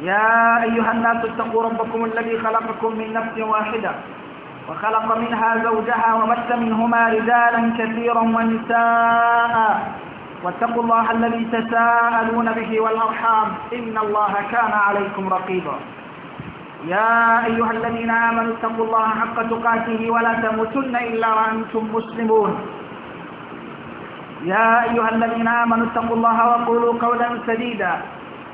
يا أيها الناس اتقوا ربكم الذي خلقكم من نفس واحدة وخلق منها زوجها ومس منهما رجالا كثيرا ونساء واتقوا الله الذي تساءلون به والأرحام إن الله كان عليكم رقيبا يا أيها الذين آمنوا اتقوا الله حق تقاته ولا تموتن إلا وأنتم مسلمون يا أيها الذين آمنوا اتقوا الله وقولوا قولا سديدا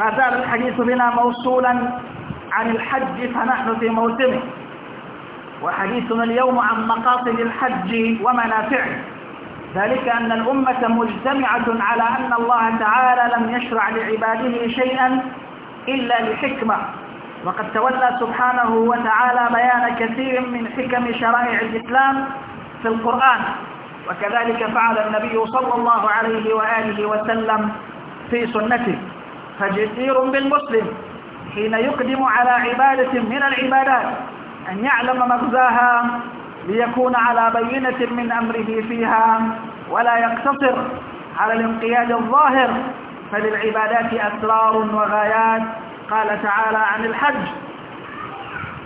ما زال الحديث بنا موصولا عن الحج فنحن في موسمه وحديثنا اليوم عن مقاصد الحج ومنافعه ذلك أن الأمة مجتمعة على أن الله تعالى لم يشرع لعباده شيئا إلا لحكمة وقد تولى سبحانه وتعالى بيان كثير من حكم شرائع الإسلام في القرآن وكذلك فعل النبي صلى الله عليه وآله وسلم في سنته فجدير بالمسلم حين يقدم على عبادة من العبادات أن يعلم مغزاها ليكون على بينة من أمره فيها ولا يقتصر على الانقياد الظاهر فللعبادات أسرار وغايات قال تعالى عن الحج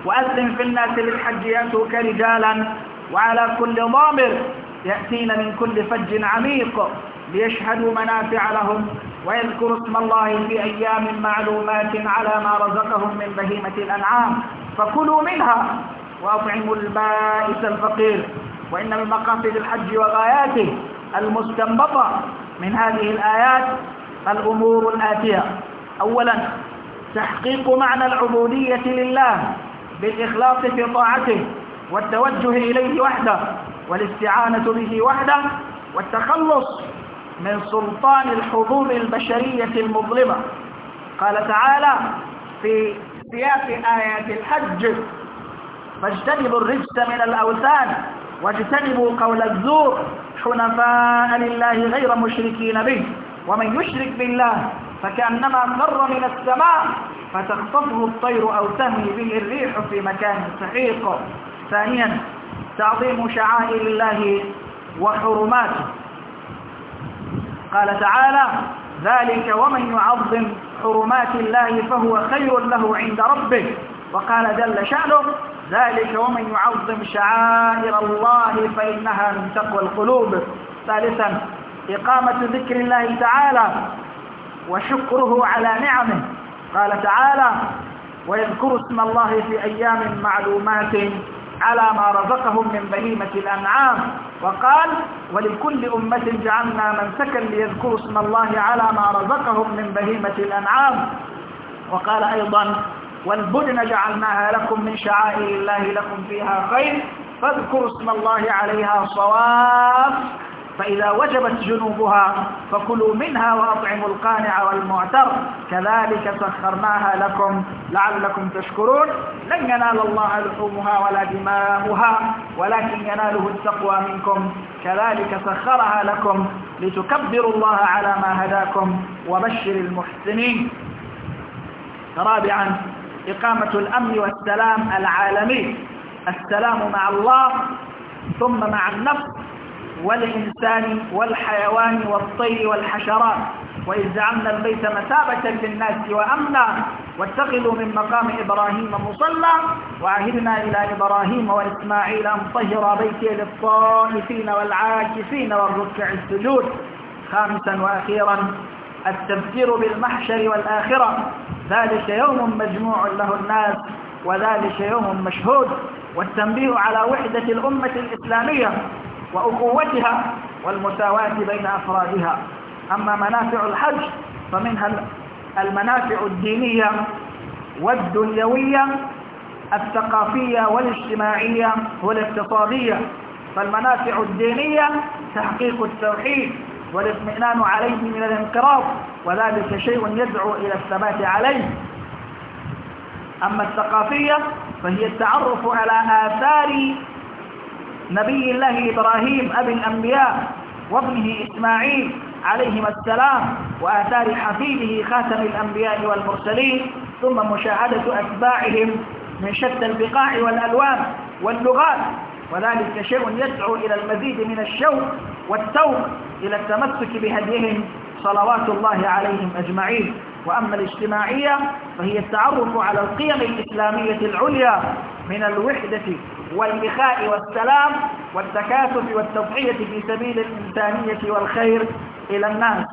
وأذن في الناس للحج يأتوك رجالا وعلى كل ضامر يأتين من كل فج عميق ليشهدوا منافع لهم ويذكروا اسم الله في أيام معلومات على ما رزقهم من بهيمة الأنعام فكلوا منها وأطعموا البائس الفقير وإن من مقاصد الحج وغاياته المستنبطة من هذه الآيات الأمور الآتية أولا تحقيق معنى العبودية لله بالإخلاص في طاعته والتوجه إليه وحده والاستعانة به وحده والتخلص من سلطان الحضور البشرية المظلمة قال تعالى في سياق آيات الحج فاجتنبوا الرجس من الأوثان واجتنبوا قول الزور حنفاء لله غير مشركين به ومن يشرك بالله فكأنما مر من السماء فتخطفه الطير أو تهوي به الريح في مكان سحيق ثانيا تعظيم شعائر الله وحرماته قال تعالى ذلك ومن يعظم حرمات الله فهو خير له عند ربه وقال جل شأنه ذلك ومن يعظم شعائر الله فإنها من تقوى القلوب ثالثا إقامة ذكر الله تعالى وشكره على نعمه قال تعالى ويذكر اسم الله في أيام معلومات على ما رزقهم من بهيمة الأنعام وقال ولكل أمة جعلنا منسكا ليذكروا اسم الله على ما رزقهم من بهيمة الأنعام وقال أيضا والبدن جعلناها لكم من شعائر الله لكم فيها خير فاذكروا اسم الله عليها صواف فإذا وجبت جنوبها فكلوا منها وأطعموا القانع والمعتر كذلك سخرناها لكم لعلكم تشكرون لن ينال الله لحومها ولا دماؤها ولكن يناله التقوى منكم كذلك سخرها لكم لتكبروا الله على ما هداكم وبشر المحسنين رابعا إقامة الأمن والسلام العالمي السلام مع الله ثم مع النفس والإنسان والحيوان والطير والحشرات وإذ جعلنا البيت مثابة للناس وأمنا واتخذوا من مقام إبراهيم مصلى وعهدنا إلى إبراهيم وإسماعيل أن طهر بيتي للطائفين والعاكفين والركع السجود خامسا وأخيرا التذكير بالمحشر والآخرة ذلك يوم مجموع له الناس وذلك يوم مشهود والتنبيه على وحدة الأمة الإسلامية وأخوتها والمساواة بين أفرادها أما منافع الحج فمنها المنافع الدينية والدنيوية الثقافية والاجتماعية والاقتصادية فالمنافع الدينية تحقيق التوحيد والاطمئنان عليه من الانقراض وذلك شيء يدعو إلى الثبات عليه أما الثقافية فهي التعرف على آثار نبي الله إبراهيم أبي الأنبياء وابنه إسماعيل عليهما السلام وآثار حفيده خاتم الأنبياء والمرسلين ثم مشاهدة أتباعهم من شتى البقاع والألوان واللغات وذلك شيء يدعو إلى المزيد من الشوق والتوق إلى التمسك بهديهم صلوات الله عليهم أجمعين وأما الاجتماعية فهي التعرف على القيم الإسلامية العليا من الوحدة والإخاء والسلام والتكاثف والتضحية في سبيل الإنسانية والخير إلى الناس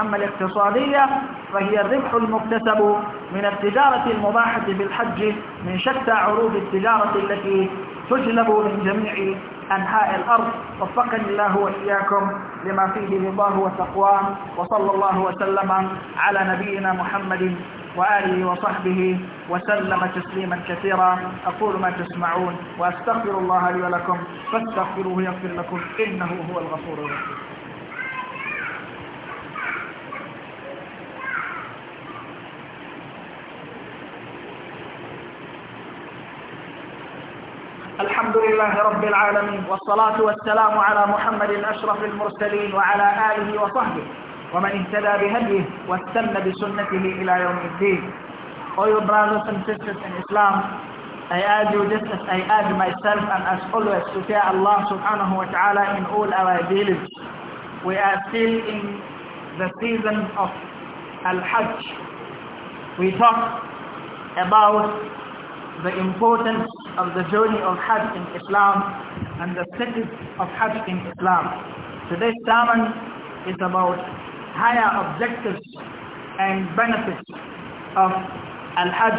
أما الاقتصادية فهي الربح المكتسب من التجارة المباحة بالحج من شتى عروض التجارة التي تجلب من جميع أنحاء الأرض وفقني الله وإياكم لما فيه رضاه وتقواه وصلى الله وسلم على نبينا محمد وآله وصحبه وسلم تسليما كثيرا أقول ما تسمعون وأستغفر الله لي ولكم فاستغفروه يغفر لكم إنه هو الغفور الرحيم الحمد لله رب العالمين والصلاة والسلام على محمد أشرف المرسلين وعلى آله وصحبه ومن اهتدى بهديه واستنى بسنته إلى يوم الدين All your brothers and sisters in Islam, I urge you just as I urge myself and as always to fear Allah subhanahu wa ta'ala in all our dealings. We are still in the season of Al-Hajj. We talk about the importance of the journey of Hajj in Islam and the status of Hajj in Islam. Today's sermon is about higher objectives and benefits of Al-Hajj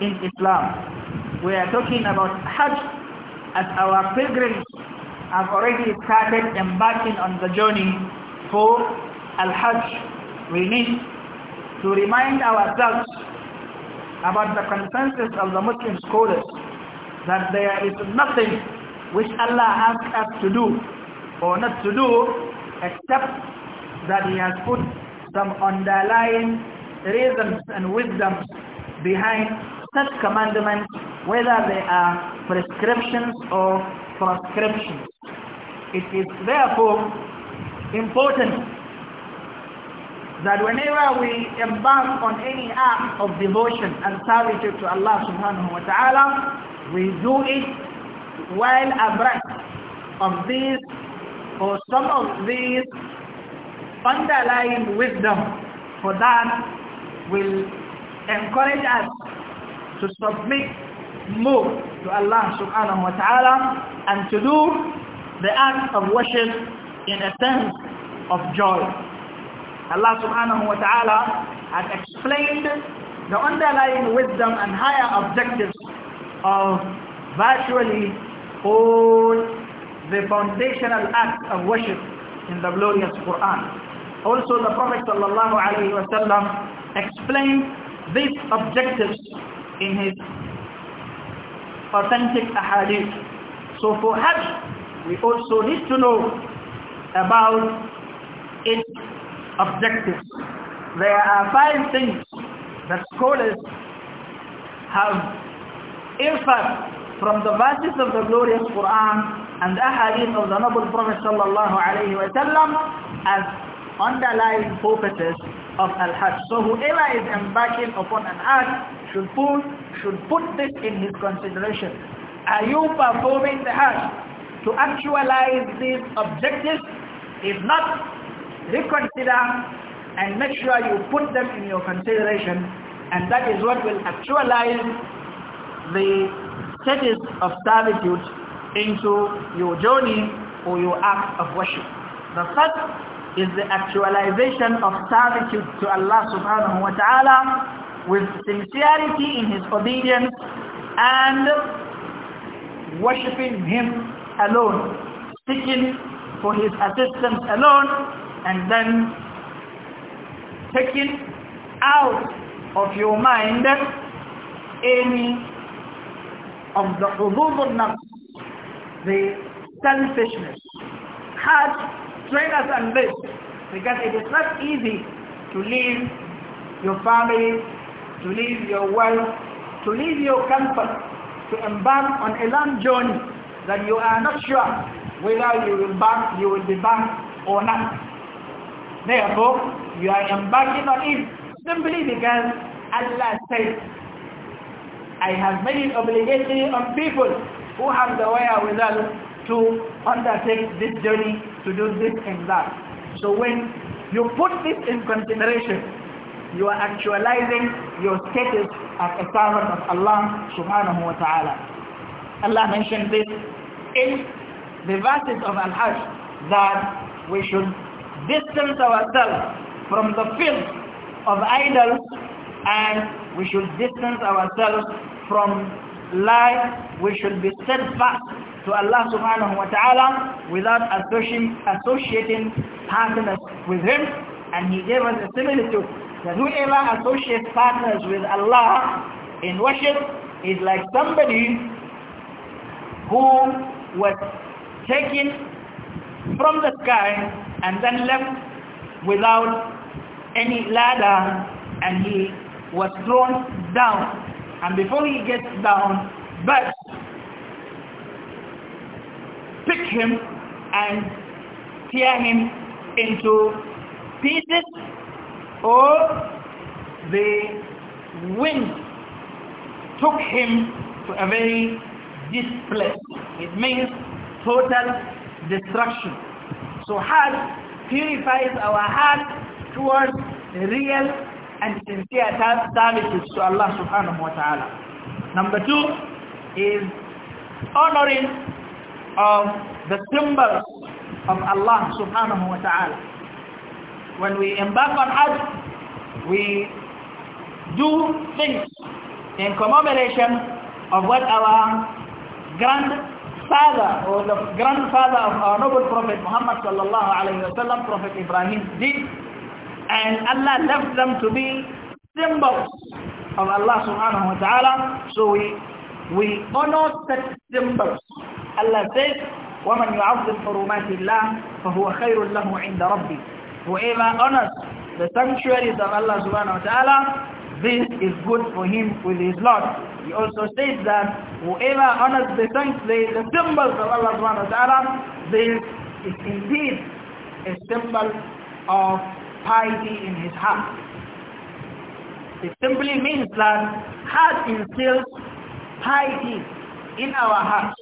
in Islam. We are talking about Hajj as our pilgrims have already started embarking on the journey for Al-Hajj. We need to remind ourselves about the consensus of the Muslim scholars that there is nothing which Allah asks us to do or not to do except that he has put some underlying reasons and wisdoms behind such commandments, whether they are prescriptions or proscriptions. It is therefore important that whenever we embark on any act of devotion and servitude to Allah subhanahu wa ta'ala, we do it while abreast of these or some of these underlying wisdom for that will encourage us to submit more to Allah subhanahu wa ta'ala and to do the act of worship in a sense of joy. Allah subhanahu wa ta'ala has explained the underlying wisdom and higher objectives of virtually all the foundational acts of worship in the glorious Quran. Also the Prophet ﷺ explained these objectives in his authentic ahadith. So for Hajj, we also need to know about its objectives. There are five things that scholars have inferred from the verses of the glorious Quran and the ahadith of the noble Prophet sallallahu alayhi wa sallam as underlying purposes of Al-Hajj. So whoever is embarking upon an Hajj should put, should put this in his consideration. Are you performing the Hajj to actualize these objectives? If not, reconsider and make sure you put them in your consideration and that is what will actualize the status of servitude into your journey or your act of worship. The first is the actualization of servitude to Allah subhanahu wa ta'ala with sincerity in his obedience and worshipping him alone, seeking for his assistance alone and then taking out of your mind any of the hudud the selfishness, had strenuous and this because it is not easy to leave your family, to leave your wife, to leave your comfort, to embark on a long journey that you are not sure whether you will back, you will be back or not. Therefore, you are embarking on it simply because Allah says, I have many obligations on people who have the wherewithal to undertake this journey, to do this and that. So when you put this in consideration, you are actualizing your status as a servant of Allah subhanahu wa ta'ala. Allah mentioned this in the verses of Al-Hajj that we should distance ourselves from the field of idols and we should distance ourselves from lies. We should be steadfast to Allah subhanahu wa ta'ala without associating partners with him and he gave us a similitude that whoever associates partners with Allah in worship is like somebody who was taken from the sky and then left without any ladder and he was thrown down and before he gets down back pick him and tear him into pieces or the wind took him to a very displaced. It means total destruction. So heart purifies our heart towards real and sincere services to Allah subhanahu wa ta'ala. Number two is honoring of the symbols of Allah subhanahu wa ta'ala. When we embark on Hajj, we do things in commemoration of what our grandfather or the grandfather of our noble Prophet Muhammad sallallahu alayhi wa sallam, Prophet Ibrahim did. And Allah left them to be symbols of Allah subhanahu wa ta'ala. So we, we honor such symbols Allah says, وَمَنْ يُعَظِّمْ حُرُمَاتِ اللَّهِ فَهُوَ خَيْرٌ لَهُ عِنْدَ ربي Whoever honors the sanctuaries of Allah subhanahu wa ta'ala, this is good for him with his Lord. He also says that whoever honors the, the symbols of Allah subhanahu wa ta'ala, this is indeed a symbol of piety in his heart. It simply means that heart instills piety in our hearts.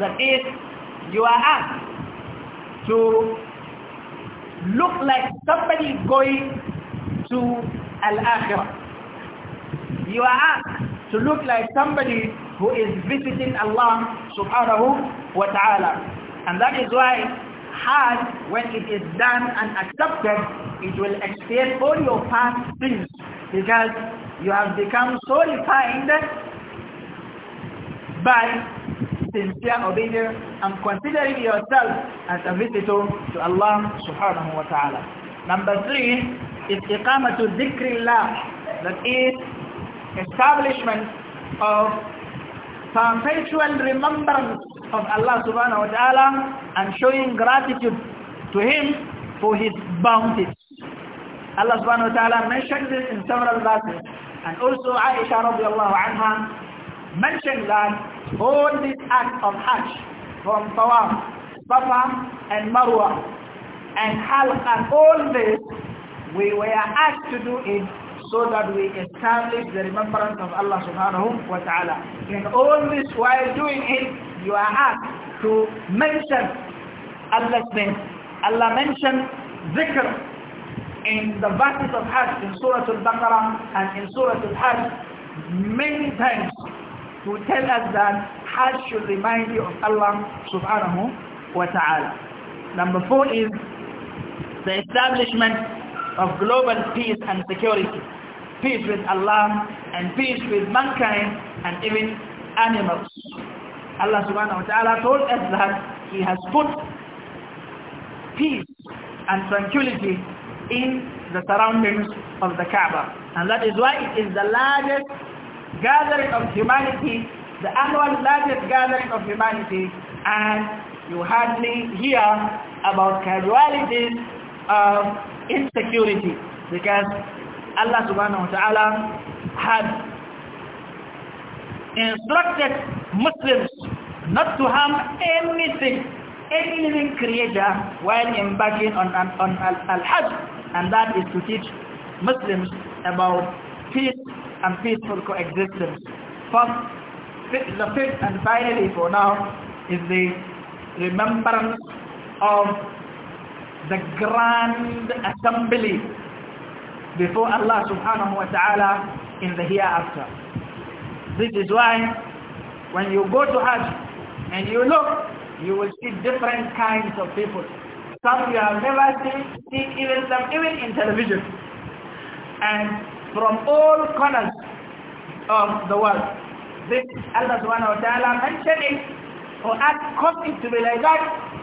That is, you are asked to look like somebody going to Al-Akhirah. You are asked to look like somebody who is visiting Allah subhanahu wa ta'ala. And that is why had, when it is done and accepted, it will expiate all your past sins because you have become so refined by sincere obedience and considering yourself as a visitor to Allah subhanahu wa ta'ala. Number three is iqamatu dhikrillah, that is establishment of perpetual remembrance of Allah subhanahu wa ta'ala and showing gratitude to Him for His bounties. Allah subhanahu wa ta'ala mentioned this in several verses and also Aisha radiallahu anha mentioned that all these acts of Hajj from Tawaf, Safa and Marwa and Hal and all this we were asked to do it so that we establish the remembrance of Allah subhanahu wa ta'ala. In all this while doing it, you are asked to mention Allah's name. Allah mentioned dhikr in the verses of Hajj, in Surah Al-Baqarah and in Surah Al-Hajj many times to tell us that Hajj should remind you of Allah subhanahu wa ta'ala. Number four is the establishment of global peace and security. Peace with Allah and peace with mankind and even animals. Allah subhanahu wa ta'ala told us that He has put peace and tranquility in the surroundings of the Kaaba. And that is why it is the largest gathering of humanity, the annual largest gathering of humanity, and you hardly hear about casualties of insecurity because Allah subhanahu wa ta'ala had instructed Muslims not to harm anything, any living creature while embarking on, on, on Al-Hajj and that is to teach Muslims about peace and peaceful coexistence. First, the fifth and finally for now is the remembrance of the grand assembly before Allah subhanahu wa ta'ala in the hereafter. This is why when you go to Hajj and you look, you will see different kinds of people. Some you have never seen, seen even some even in television. And from all corners of the world. This Allah subhanahu wa ta'ala mentioned it or ask it to be like that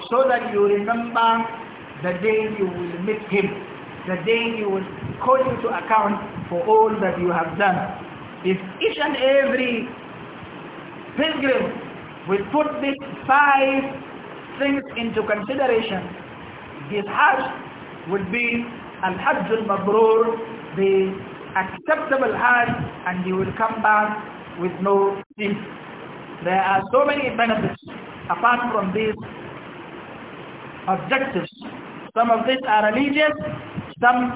so that you remember the day you will meet him, the day he will call you to account for all that you have done. If each and every pilgrim will put these five things into consideration, his Hajj would be Al-Hajj al-Mabrur, the acceptable hajj and you will come back with no sin. There are so many benefits apart from these objectives. Some of these are religious, some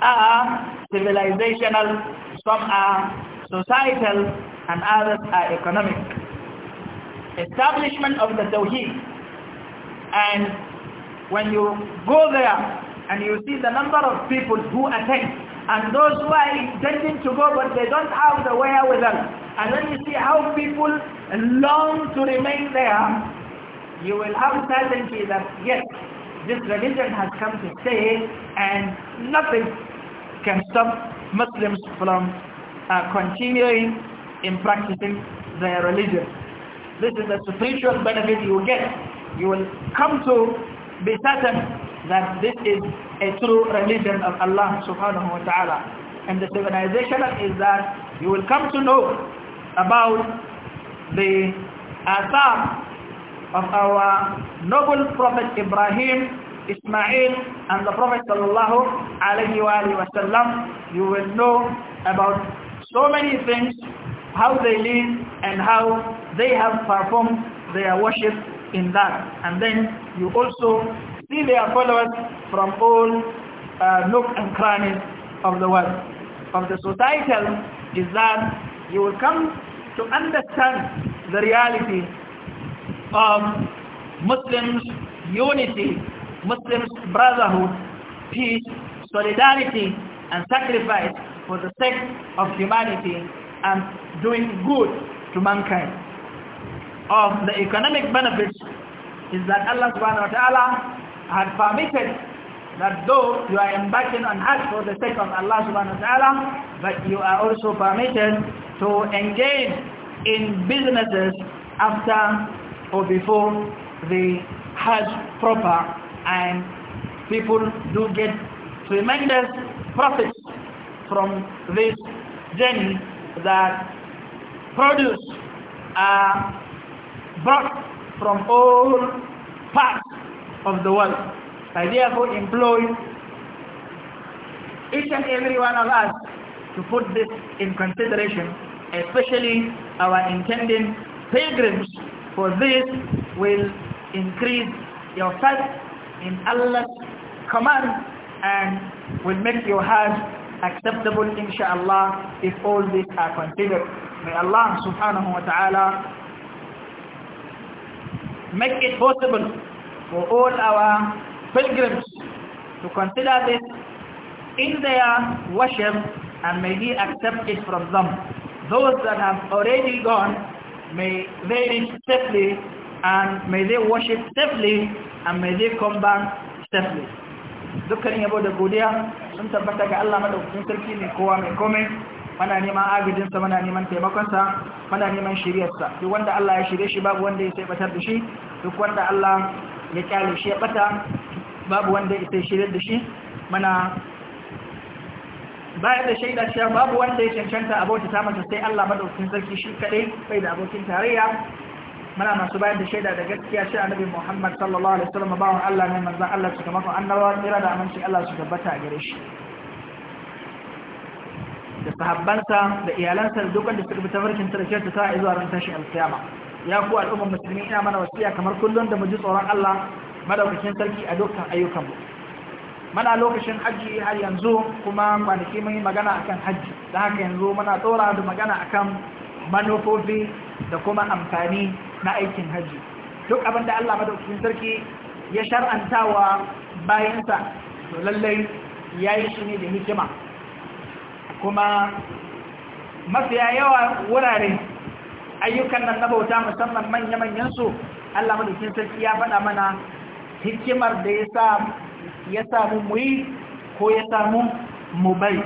are civilizational, some are societal, and others are economic. Establishment of the Tawheed. And when you go there and you see the number of people who attend and those who are intending to go but they don't have the way them, And then you see how people long to remain there, you will have certainty that yes, this religion has come to stay and nothing can stop Muslims from uh, continuing in practicing their religion. This is the spiritual benefit you get. You will come to be certain that this is a true religion of Allah subhanahu wa ta'ala. And the civilization is that you will come to know about the athar of our noble Prophet Ibrahim, Ismail and the Prophet sallallahu alayhi wa sallam. You will know about so many things, how they live and how they have performed their worship in that. And then you also See their followers from all uh, nooks and crannies of the world. Of the societal is that you will come to understand the reality of Muslims unity, Muslims brotherhood, peace, solidarity and sacrifice for the sake of humanity and doing good to mankind. Of the economic benefits is that Allah subhanahu wa ta'ala had permitted that though you are embarking on Hajj for the sake of Allah subhanahu wa ta'ala, but you are also permitted to engage in businesses after or before the Hajj proper and people do get tremendous profits from this journey that produce are brought from all parts of the world. I therefore implore each and every one of us to put this in consideration, especially our intending pilgrims, for this will increase your faith in Allah's command and will make your heart acceptable Insha'Allah. if all these are considered. May Allah subhanahu wa ta'ala make it possible for all our pilgrims to consider this in their worship and may He accept it from them. Those that have already gone, may they reach safely and may they worship safely and may they come back safely. Dukkanin yabo da godiya sun tabbata ga Allah madaukakin sarki ne kowa mai komai mana neman agajinsa mana neman taimakonsa mana neman shiryarsa duk wanda Allah ya shirye shi babu wanda ya sai batar da shi duk wanda Allah ya kyale shi ya bata babu wanda ya isa da shi mana bayar da shaida shi babu wanda ya cancanta abota ta mata sai Allah madaukakin sarki shi kadai bai da abokin tarayya muna masu bayar da shaida da gaskiya shi annabi Muhammad sallallahu alaihi wasallam bawon Allah ne manzon Allah su kamar annabawa kira da aminci Allah su tabbata a gare shi da sahabbansa da iyalansa da dukkan da suka bi tafarkin tarkiyar ta zuwa ran tashin alkiyama ya ku al'ummar musulmi ina mana wasiya kamar kullum da mu ji tsoron Allah madaukakin sarki a dukkan mu mana lokacin hajji har yanzu kuma kwanaki mun yi magana akan haji. da haka yanzu muna tsora da magana akan manufofi da kuma amfani na aikin haji. duk abin da Allah madaukakin sarki ya shar'antawa bayansa to lallai ya yi shi ne da hikima kuma mafiya yawa wurare ayyukan nan na bauta musamman manya-manyan su Allah Madukin sarki ya faɗa mana hikimar da ya sa ya samu mu yi ko ya samu mu bai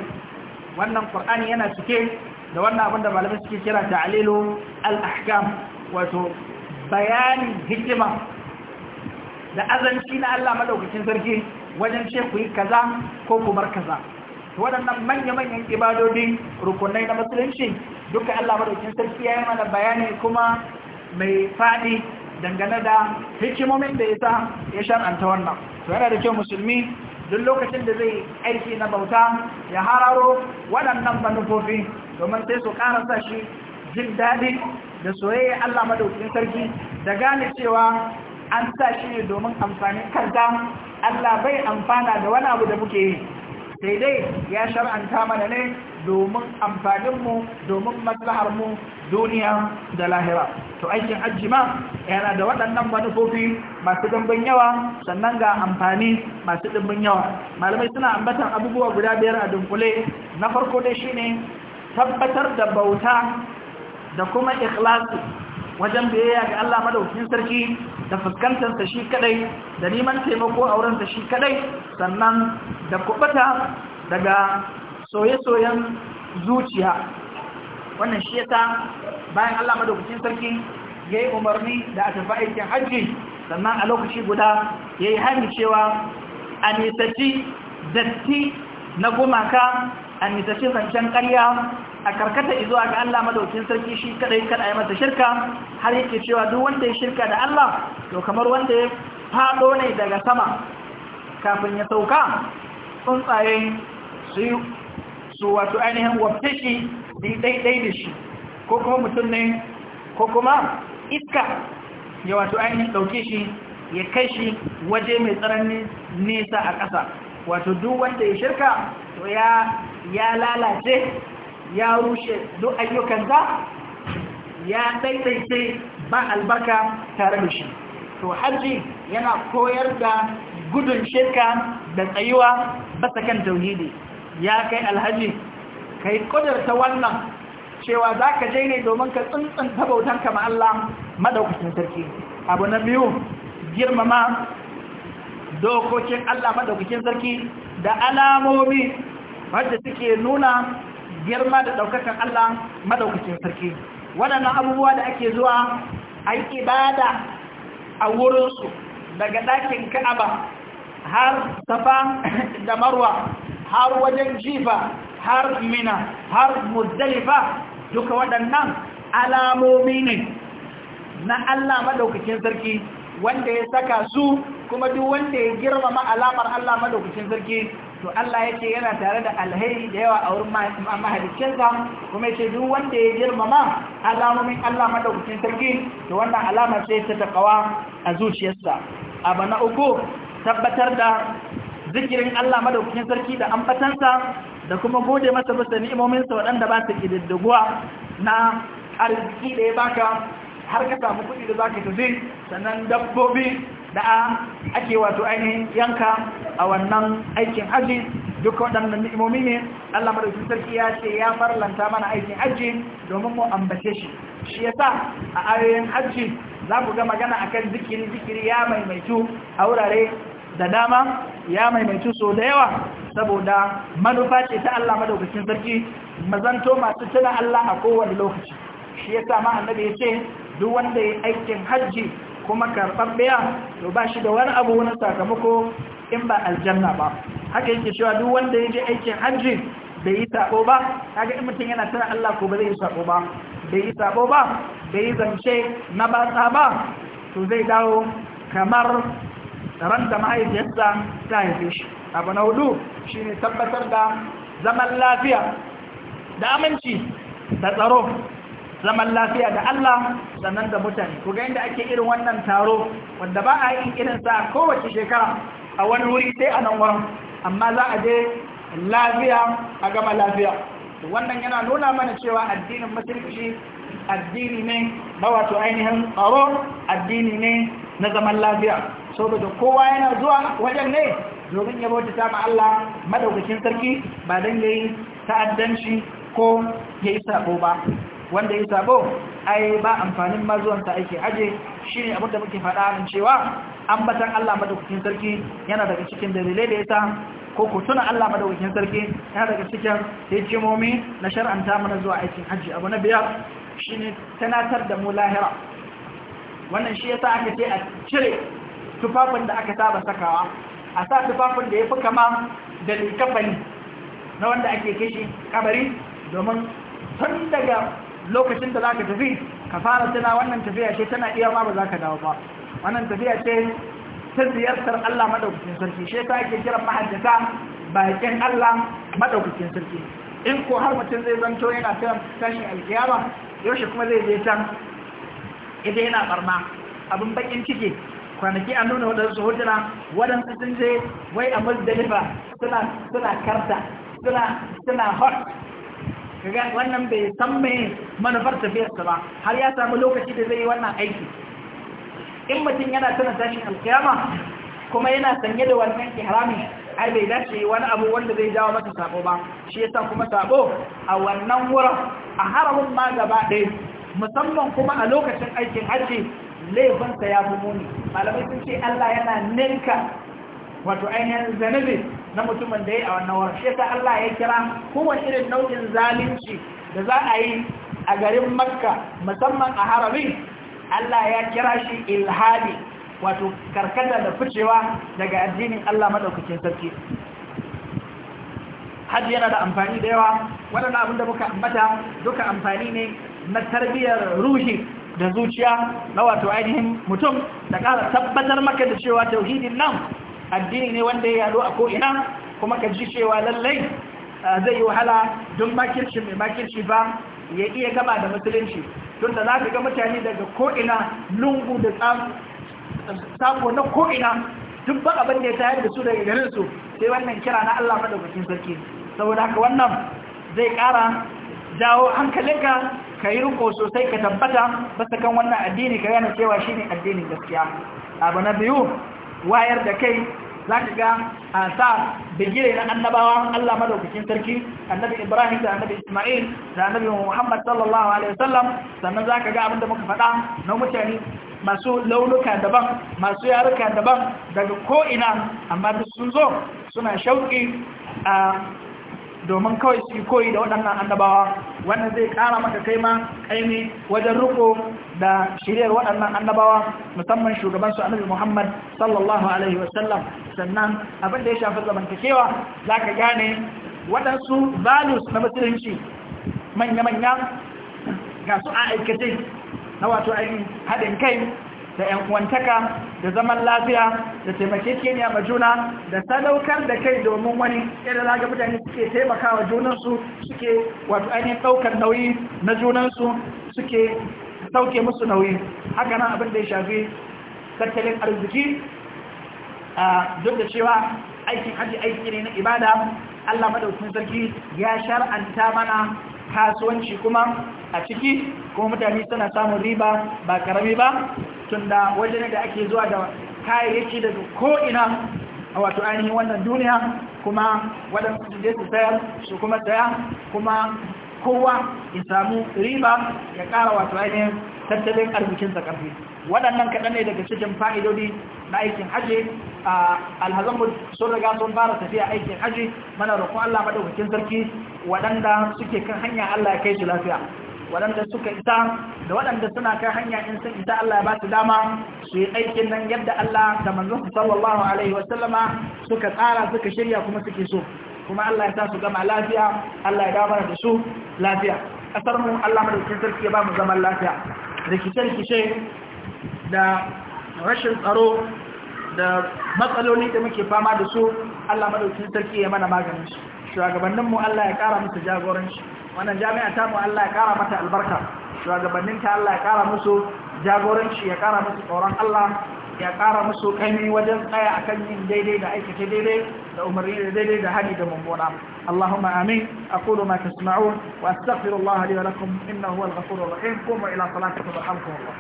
wannan qur'ani yana cike da wannan abin da malamai suke kira ta'lilu al-ahkam wato bayanin hikima da azanci na Allah madaukakin sarki wajen ce ku yi kaza ko ku bar kaza waɗannan manya-manyan ibadodin rukunai na musulunci duka Allah madaukin sarki ya yi mana bayani kuma mai faɗi dangane da hikimomin da yasa ya shar'anta wannan to yana da kyau musulmi duk lokacin da zai aiki na bauta ya hararo waɗannan manufofi domin sai su ƙarasa shi jin daɗi da soyayya Allah madaukin sarki da gane cewa an sa shi ne domin amfanin kanta Allah bai amfana da wani abu da muke yi sai dai ya shar'anta mana ne domin amfaninmu domin mu duniya da lahira to aikin ajima yana da waɗannan manufofi masu ɗimbin yawa sannan ga amfani masu ɗimbin yawa malamai suna ambatan abubuwa guda biyar a dunkule na farko dai shine tabbatar da bauta da kuma ikhlasi wajen biyayya ga Allah madaukakin sarki da fuskantar sa shi kadai da neman taimako a wurin sa shi kadai sannan da kubata daga soye-soyen zuciya wannan shi yasa bayan Allah madaukakin sarki yayi umarni da a tafi aikin hajji sannan a lokaci guda yayi hannu cewa a nisaci datti na gumaka a nisaci zancen karya a karkata a ga Allah madaukakin sarki shi kadai kada ya masa shirka har yake cewa duk wanda ya shirka da Allah to kamar wanda ya fado ne daga sama kafin ya sauka tsuntsaye su su wato ainihin wafce da su yi ɗaiɗai da shi ko kuma mutum ne ko kuma iska ya wato ainihin ɗauke shi ya kai shi waje mai tsananin nesa a ƙasa wato duk wanda ya shirka to ya lalace ya rushe duk ayyukanta ya ɗaiɗaice ba albarka tare da shi to hajji yana koyar da gudun shirka da tsayuwa basa kan tauhidi ya kai alhaji kai kudurta wannan cewa za ka je ne domin ka tsintsin tabautan kama Allah madaukacin sarki abu na biyu girmama dokokin Allah madaukacin sarki da alamomi wadda suke nuna girma da daukakan Allah madaukacin sarki waɗannan abubuwa da ake zuwa a yi ibada a wurinsu daga ɗakin ka'aba har safa da marwa har wajen jifa har mina har muzdalifa duka waɗannan alamomi ne na Allah madaukakin sarki wanda ya saka su kuma duk wanda ya girmama alamar Allah madaukakin sarki to Allah yake yana tare da alheri da yawa a wurin mahalicinsa kuma yake duk wanda ya girmama alamomin Allah madaukakin sarki to wannan alama sai ta takawa a zuciyarsa abu na uku tabbatar da zikirin Allah Madaukin sarki da ambatansa da kuma gode masa bisa sa waɗanda ba su ƙididdigowa na arziki da ya baka har ka samu kuɗi da zaka tafi sannan dabbobi da ake wato ainihin yanka a wannan aikin haji duk waɗannan ni'imomi ne Allah Madaukin sarki ya ce ya farlanta mana aikin haji domin mu ambace shi shi yasa a ayoyin haji za ku ga magana akan zikiri zikiri ya maimaitu a wurare da dama ya maimaitu so da yawa saboda manufa ce ta Allah madaukakin sarki mazanto masu tuna Allah a kowane lokaci shi yasa ma annabi ya ce duk wanda ya aikin hajji kuma karɓar biya to ba shi da wani abu na sakamako in ba aljanna ba haka yake cewa duk wanda ya je aikin hajji bai yi sabo ba kaga in mutum yana tana Allah ko ba zai yi sabo ba bai yi sabo ba bai yi zance na batsa ba to zai dawo kamar ran da mahaifiyarsa ta haife shi abu na hudu ne tabbatar da zaman lafiya da aminci da tsaro zaman lafiya da Allah sannan da mutane ku ga inda ake irin wannan taro wanda ba a yi irin sa kowace shekara a wani wuri sai a nan wurin amma za a je lafiya a gama lafiya wannan yana nuna mana cewa addinin musulunci addini ne ba wato ainihin tsaro addini ne na zaman lafiya saboda kowa yana zuwa wajen ne domin ya bauta sama Allah madaukakin sarki ba dan yayi ta'addanci ko ya yi sabo ba wanda ya sabo ai ba amfanin ma ake aje shine abinda da muke faɗa a cewa ambatan Allah madaukakin sarki yana daga cikin dalilai da yasa ko ku tuna Allah madaukakin sarki yana daga cikin hikimomi na shar'anta mana zuwa aikin hajji abu na biyar shine tanatar da mu lahira wannan shi yasa aka ce a cire tufafin da aka saba sakawa a sa tufafin da ya fi kama da likafani na wanda ake kashi kabari domin tun daga lokacin da za ka tafi ka fara tana wannan tafiya ce tana iya ma ba za ka dawo ba wannan tafiya ce ta ziyartar Allah madaukakin sarki shi ta ake kiran mahaddata bakin Allah maɗaukacin sarki in ko har mutum zai zanto yana kiran tashin alkiyama yaushe kuma zai je can idan yana barna abin baƙin ciki kwanaki an nuna waɗansu hotuna waɗansu sun je wai a muzdalifa suna suna karta suna hot kaga wannan bai san me manufar tafiyarsa ba har ya samu lokaci da zai yi wannan aiki in mutum yana tana tashin alkiyama kuma yana sanye da wannan harami ai bai dace wani abu wanda zai jawo masa sabo ba shi ya san kuma sabo a wannan wurin a haramun ma gaba ɗaya musamman kuma a lokacin aikin hajji laifinsa ya fi muni malamai sun ce Allah yana ninka wato ainihin zanabi na mutumin da ya yi a wannan warshe ta Allah ya kira kowane irin nau'in zalunci da za a yi a garin makka musamman a haramin Allah ya kira shi ilhadi wato karkata da ficewa daga addinin Allah maɗaukacin sarki hajji yana da amfani da yawa waɗanda abin da muka ambata duka amfani ne na tarbiyyar ruhi da zuciya na wato ainihin mutum da kara tabbatar maka da cewa tauhidin nan addini ne wanda ya yado a ko'ina kuma ka ji cewa lallai ah, zai yi wahala don makirci mai makirci ba ya iya gaba da musulunci don da za ka ga mutane daga ko'ina lungu da sako na ko'ina duk ba abin da ya tayar da su daga garinsu sai wannan kira na Allah madaukakin sarki saboda haka wannan zai ƙara jawo hankalinka ka yi riko sosai ka tabbata basta kan wannan addini ka gane cewa shi ne addinin gaskiya abu na biyu wayar da kai za ka ga a sa bigire na annabawa Allah madaukakin sarki annabi Ibrahim da annabi Ismail da annabi Muhammad sallallahu alaihi wasallam sannan za ka ga abinda muka faɗa na mutane masu launuka daban masu yaruka daban daga ko'ina amma duk sun zo suna shauƙi a domin kawai su koyi da waɗannan annabawa wanda zai ƙara maka kai ma ƙaimi wajen riko da shiryar waɗannan annabawa musamman shugaban su annabi Muhammad sallallahu alaihi wasallam sannan abin da ya shafi zamantakewa za ka gane waɗansu values na musulunci manya-manya ga su a aikace na wato ainihin haɗin kai da ‘yan uwantaka da zaman lafiya da taimake ne ma juna da sadaukar da kai domin wani irin ga mutane suke taimakawa junansu suke wato ainihin ɗaukar nauyi na junansu suke sauke musu nauyi haka nan abin da ya shafi tattalin arziki a duk da cewa aikin haji aiki ne na ibada Allah madaukin sarki ya shar'anta mana kasuwanci kuma a ciki kuma mutane suna samun riba ba karami ba tunda wajen da ake zuwa da kayayyaki daga ko'ina a wato ainihin wannan duniya kuma waɗansu su je su sayar su kuma saya kuma kowa ya samu riba ya ƙara wato ainihin tattalin arzikinsa karfi waɗannan kaɗan ne daga cikin fa'idodi na aikin haji a alhazanmu sun riga sun fara tafiya aikin aji. mana roƙo Allah maɗaukakin sarki waɗanda suke kan hanya Allah ya kai su lafiya waɗanda suka isa da waɗanda suna kan hanya in sun isa Allah ya ba su dama su yi aikin nan yadda Allah da manzon sallallahu alaihi wa sallama suka tsara suka shirya kuma suke so kuma Allah ya sa su gama lafiya Allah ya dawo da su lafiya kasar mu Allah madaukakin sarki ya ba mu zaman lafiya rikice rikice da rashin tsaro da matsaloli da muke fama da su Allah madaukin sarki ya mana maganin su shugabanninmu Allah ya kara musu jagoranci wannan jami'a ta mu Allah ya kara mata albarka shugabannin ta Allah ya kara musu jagoranci ya kara musu tsoron Allah ya kara musu kaimi wajen tsaya akan yin daidai da aikata daidai da umarni da daidai da hadi da mummuna Allahuma amin aqulu ma tasma'un wa astaghfirullaha li wa lakum innahu huwal ghafurur rahim qumu ila salatikum warhamkumullah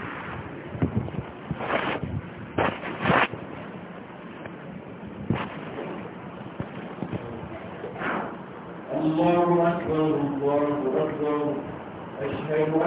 الله أكبر الله أكبر أشهد أن